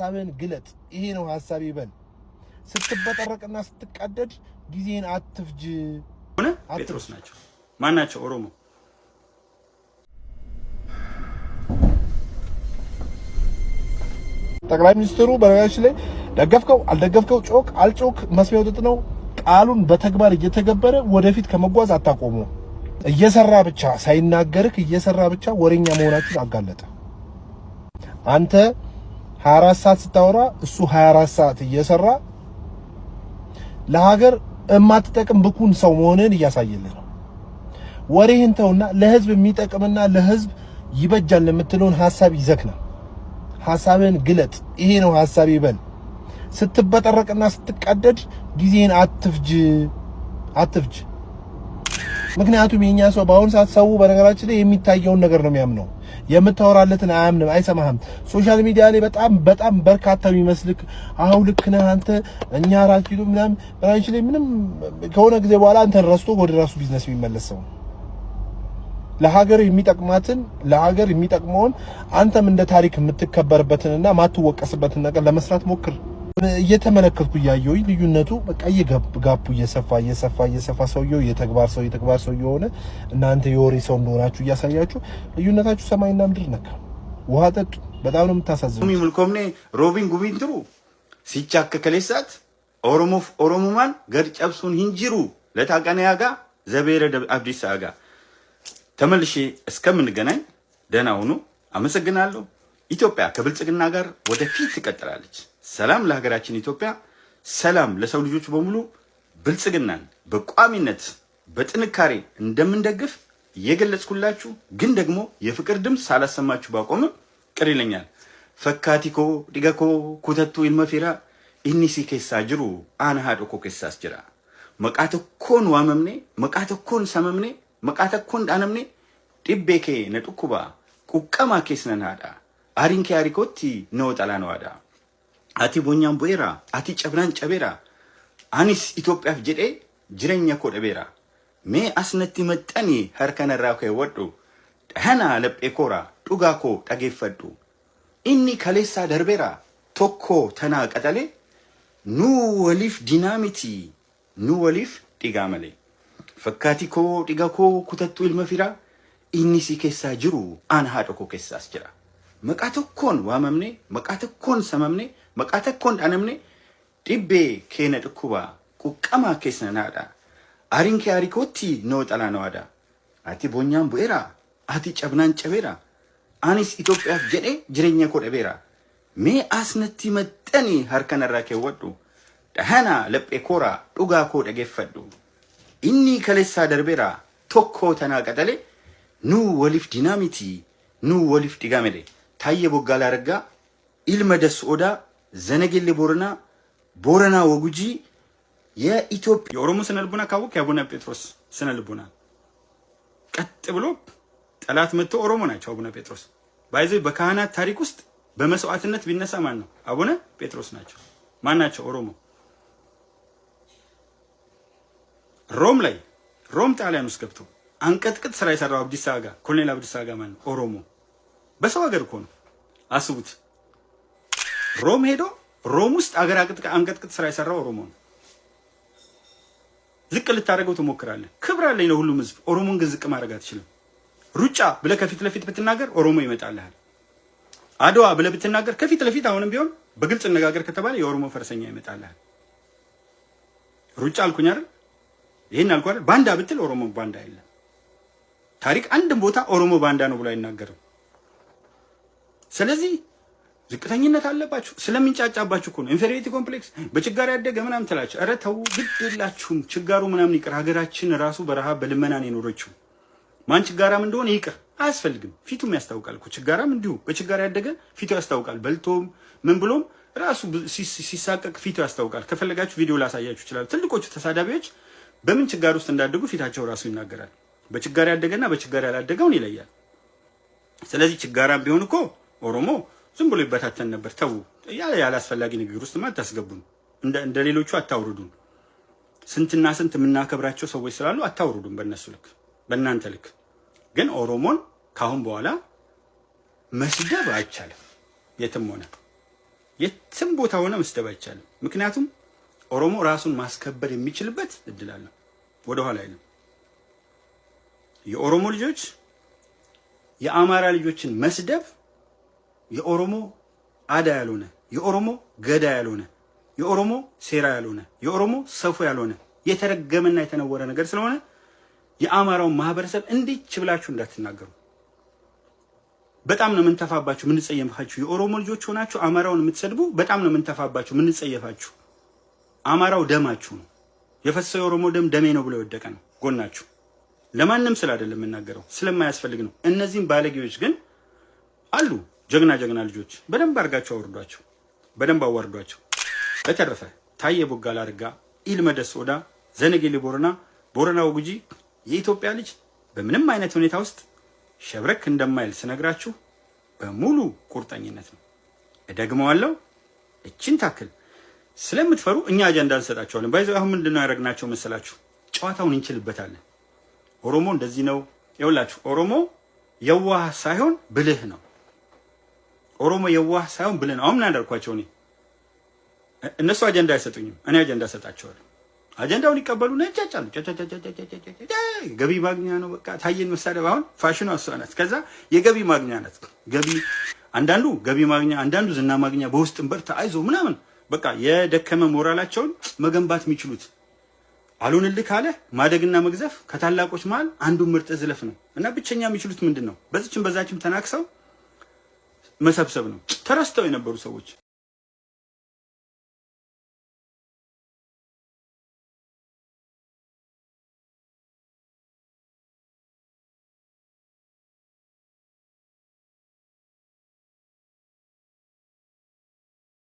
ሀሳብን ግለጥ፣ ይሄ ነው ሀሳብ ይበል። ስትበጠረቅና ስትቃደድ ጊዜን አትፍጅ። ሆነ ጴጥሮስ ናቸው ማን ናቸው? ኦሮሞ ጠቅላይ ሚኒስትሩ በነገራችን ላይ ደገፍከው አልደገፍከው፣ ጮክ አልጮክ መስሚያ ወጥጥ ነው። ቃሉን በተግባር እየተገበረ ወደፊት ከመጓዝ አታቆሙ። እየሰራ ብቻ ሳይናገርክ እየሰራ ብቻ ወሬኛ መሆናችን አጋለጠ አንተ 24 ሰዓት ስታወራ እሱ 24 ሰዓት እየሰራ ለሀገር እማትጠቅም ብኩን ሰው መሆንን እያሳየልህ ነው። ወሬህን ተውና ለህዝብ የሚጠቅምና ለህዝብ ይበጃል የምትለውን ሀሳብ ይዘክናል። ሀሳብን ግለጥ። ይሄ ነው ሀሳብ ይበል። ስትበጠረቅና ስትቀደድ ጊዜህን አትፍጅ አትፍጅ። ምክንያቱም የኛ ሰው በአሁኑ ሰዓት ሰው በነገራችን ላይ የሚታየውን ነገር ነው የሚያምነው። የምታወራለትን አያምንም፣ አይሰማህም። ሶሻል ሚዲያ ላይ በጣም በጣም በርካታ የሚመስልክ አሁን ልክ ነህ አንተ እኛ አራት ኪሎ ምናምን ብራንች ላይ ምንም ከሆነ ጊዜ በኋላ አንተ ረስቶ ወደ ራሱ ቢዝነስ የሚመለስ ሰው ለሀገር የሚጠቅማትን ለሀገር የሚጠቅመውን አንተም እንደ ታሪክ የምትከበርበትንና ማትወቀስበትን ነገር ለመስራት ሞክር። እየተመለከትኩ እያየሁኝ ልዩነቱ በቃ እየጋቡ እየሰፋ እየሰፋ እየሰፋ ሰውየው የተግባር ሰው የተግባር ሰው እየሆነ እናንተ የወሬ ሰው እንደሆናችሁ እያሳያችሁ ልዩነታችሁ ሰማይና ምድር ነካ። ውሃ ጠጡ። በጣም ነው የምታሳዝኑ። ምልኮምኔ ሮቢን ጉቢንትሩ ሲቻክ ከሌሳት ኦሮሞ ኦሮሞማን ገድ ጨብሱን ሂንጅሩ ለታቀናያ ጋ ዘቤረ አብዲስ ጋ ተመልሼ እስከምንገናኝ ደህና ሁኑ። አመሰግናለሁ። ኢትዮጵያ ከብልጽግና ጋር ወደፊት ትቀጥላለች። ሰላም ለሀገራችን ኢትዮጵያ፣ ሰላም ለሰው ልጆች በሙሉ ብልጽግናን በቋሚነት በጥንካሬ እንደምንደግፍ እየገለጽኩላችሁ ግን ደግሞ የፍቅር ድምፅ ሳላሰማችሁ ባቆምም ቅር ይለኛል። ፈካቲኮ ዲገኮ ኩተቱ ኢልመፊራ ኢኒሲ ኬሳ ጅሩ አነሃዶኮ ኬሳ ጅራ መቃተኮን ዋመምኔ መቃተኮን ሰመምኔ መቃተኮን ዳነምኔ ዲቤኬ ነጡኩባ ቁቀማ ኬስነን ሃዳ አሪንኬ አሪኮቲ ነወጠላ ነዋዳ ati bonyaam bu'eera ati cabraan cabeera anis Itoophiyaaf jedhee jireenya koo dhabeera mee asnatti maxxanii harkanarraa keewwadhu dhanaa laphee koora dhugaa koo dhageeffadhu inni kaleessaa darbeera tokko tanaa qaxale nuu waliif dinaamiti nuu waliif dhigaa malee fakkaati koo dhiga koo kutattu ilma firaa inni si keessaa jiru aan haadha koo keessaas jira. መቃተኮን ዋመምኔ መቃተኮን ሰመምኔ መቃተኮን ዳነምኔ ዲቤ ኬነ ድኩባ ቁቀማ ኬስነ ናዳ አሪንኬ አሪኮቲ ነው ጠላ ነዋዳ አቲ ቦኛን ቡኤራ አቲ ጨብናን ጨቤራ አኒስ ኢትዮጵያፍ ጅረኛ ጅሬኛ ኮደቤራ ሜ አስነቲ መጠኒ ሀርከነራ ወዱ ዳህና ለጴ ኮራ ዱጋ ኮ ደጌፈዱ ኢኒ ከሌሳ ደርቤራ ቶኮ ተናቀጠሌ ኑ ወሊፍ ዲናሚቲ ኑ ወሊፍ waliif ታዬ ቦጋለ አረጋ ኢልመደስ ኦዳ ዘነጌሌ ቦረና ቦረና ወጉጂ የኢትዮጵያ የኦሮሞ ስነ ልቡና ካወቅ የአቡነ ጴጥሮስ ስነ ቀጥ ብሎ ጠላት መጥቶ ኦሮሞ ናቸው። አቡነ ጴጥሮስ ባይዘ በካህናት ታሪክ ውስጥ በመስዋዕትነት ቢነሳ ማን ነው? አቡነ ጴጥሮስ ናቸው። ማን ናቸው? ኦሮሞ። ሮም ላይ ሮም ጣሊያን ውስጥ ገብቶ አንቀጥቅጥ ስራ የሰራው አብዲሳ አጋ ኮሎኔል አብዲሳ አጋ ማን ነው? ኦሮሞ በሰው ሀገር እኮ ነው። አስቡት። ሮም ሄዶ ሮም ውስጥ አገር አንቀጥቅጥ ስራ የሰራው ኦሮሞ ነው። ዝቅ ልታደርገው ትሞክራለህ። ክብር አለኝ ነው ህዝብ። ኦሮሞን ግን ዝቅ ማድረግ አትችልም። ሩጫ ብለህ ከፊት ለፊት ብትናገር ኦሮሞ ይመጣልሃል። አድዋ ብለህ ብትናገር ከፊት ለፊት አሁንም ቢሆን በግልጽ እነጋገር ከተባለ የኦሮሞ ፈረሰኛ ይመጣልሃል። ሩጫ አልኩኝ አይደል? ይህን አልኩ አይደል? ባንዳ ብትል ኦሮሞ ባንዳ የለም። ታሪክ አንድም ቦታ ኦሮሞ ባንዳ ነው ብሎ አይናገርም። ስለዚህ ዝቅተኝነት አለባችሁ። ስለሚንጫጫባችሁ እኮ ነው ኢንፌሪቲ ኮምፕሌክስ በችጋር ያደገ ምናምን ትላችሁ። ኧረ ተው፣ ግድ የላችሁም ችጋሩ ምናምን ይቅር። ሀገራችን ራሱ በረሃብ በልመና ነው የኖረችው። ማን ችጋራም እንደሆነ ይቅር አያስፈልግም። ፊቱም ያስታውቃል እኮ ችጋራም እንዲሁ በችጋር ያደገ ፊቱ ያስታውቃል። በልቶም ምን ብሎም ራሱ ሲሳቀቅ ፊቱ ያስታውቃል። ከፈለጋችሁ ቪዲዮ ላሳያችሁ ይችላል። ትልቆቹ ተሳዳቢዎች በምን ችጋር ውስጥ እንዳደጉ ፊታቸው ራሱ ይናገራል። በችጋር ያደገና በችጋር ያላደገውን ይለያል። ስለዚህ ችጋራም ቢሆን እኮ ኦሮሞ ዝም ብሎ ይበታተን ነበር። ተዉ፣ አስፈላጊ ንግግር ውስጥ አታስገቡን። እንደ ሌሎቹ አታውርዱን። ስንትና ስንት የምናከብራቸው ሰዎች ስላሉ አታውርዱን በእነሱ ልክ፣ በእናንተ ልክ። ግን ኦሮሞን ካሁን በኋላ መስደብ አይቻልም። የትም ሆነ የትም ቦታ ሆነ መስደብ አይቻልም። ምክንያቱም ኦሮሞ ራሱን ማስከበር የሚችልበት እድል አለ። ወደኋላ አይልም። የኦሮሞ ልጆች የአማራ ልጆችን መስደብ የኦሮሞ አዳ ያልሆነ የኦሮሞ ገዳ ያልሆነ የኦሮሞ ሴራ ያልሆነ የኦሮሞ ሰፉ ያልሆነ የተረገመና የተነወረ ነገር ስለሆነ የአማራውን ማህበረሰብ እንዲች ብላችሁ እንዳትናገሩ። በጣም ነው የምንተፋባችሁ፣ የምንጸየፋችሁ። የኦሮሞ ልጆች ሆናችሁ አማራውን የምትሰድቡ በጣም ነው የምንተፋባችሁ፣ የምንጸየፋችሁ። አማራው ደማችሁ ነው። የፈሰው የኦሮሞ ደም ደሜ ነው ብሎ የወደቀ ነው ጎናችሁ። ለማንም ስለ አይደለም የምናገረው ስለማያስፈልግ ነው። እነዚህም ባለጌዎች ግን አሉ። ጀግና ጀግና ልጆች በደንብ አድርጋቸው አወርዷቸው፣ በደንብ አዋርዷቸው። በተረፈ ታየ ቦጋለ አርጋ ኢልመደስ ኦዳ ዘነጌሌ ቦረና ቦረና ጉጂ የኢትዮጵያ ልጅ በምንም አይነት ሁኔታ ውስጥ ሸብረክ እንደማይል ስነግራችሁ በሙሉ ቁርጠኝነት ነው። እደግመዋለሁ። እችን ታክል ስለምትፈሩ እኛ አጀንዳ እንሰጣቸዋለን። ባይዘ አሁን ምንድነው ያደረግናቸው መሰላችሁ? ጨዋታውን እንችልበታለን። ኦሮሞ እንደዚህ ነው የውላችሁ። ኦሮሞ የዋህ ሳይሆን ብልህ ነው። ኦሮሞ የዋህ ሳይሆን ብለን አሁን ምን አደርኳቸው እኔ እነሱ አጀንዳ አይሰጡኝም፣ እኔ አጀንዳ ሰጣቸዋለሁ። አጀንዳውን ይቀበሉና ይጫጫሉ። ገቢ ማግኛ ነው በቃ ታየን መሳደብ አሁን ፋሽኑ እሷ ናት። ከዛ የገቢ ማግኛ ናት። ገቢ አንዳንዱ ገቢ ማግኛ፣ አንዳንዱ ዝና ማግኛ፣ በውስጥ በርታ አይዞ ምናምን በቃ የደከመ ሞራላቸውን መገንባት የሚችሉት አልሆንልህ ካለ ማደግና መግዘፍ ከታላቆች መሀል አንዱ ምርጥ ዝለፍ ነው እና ብቸኛ የሚችሉት ምንድን ነው? በዚችም በዛችም ተናክሰው መሰብሰብ ነው። ተረስተው የነበሩ ሰዎች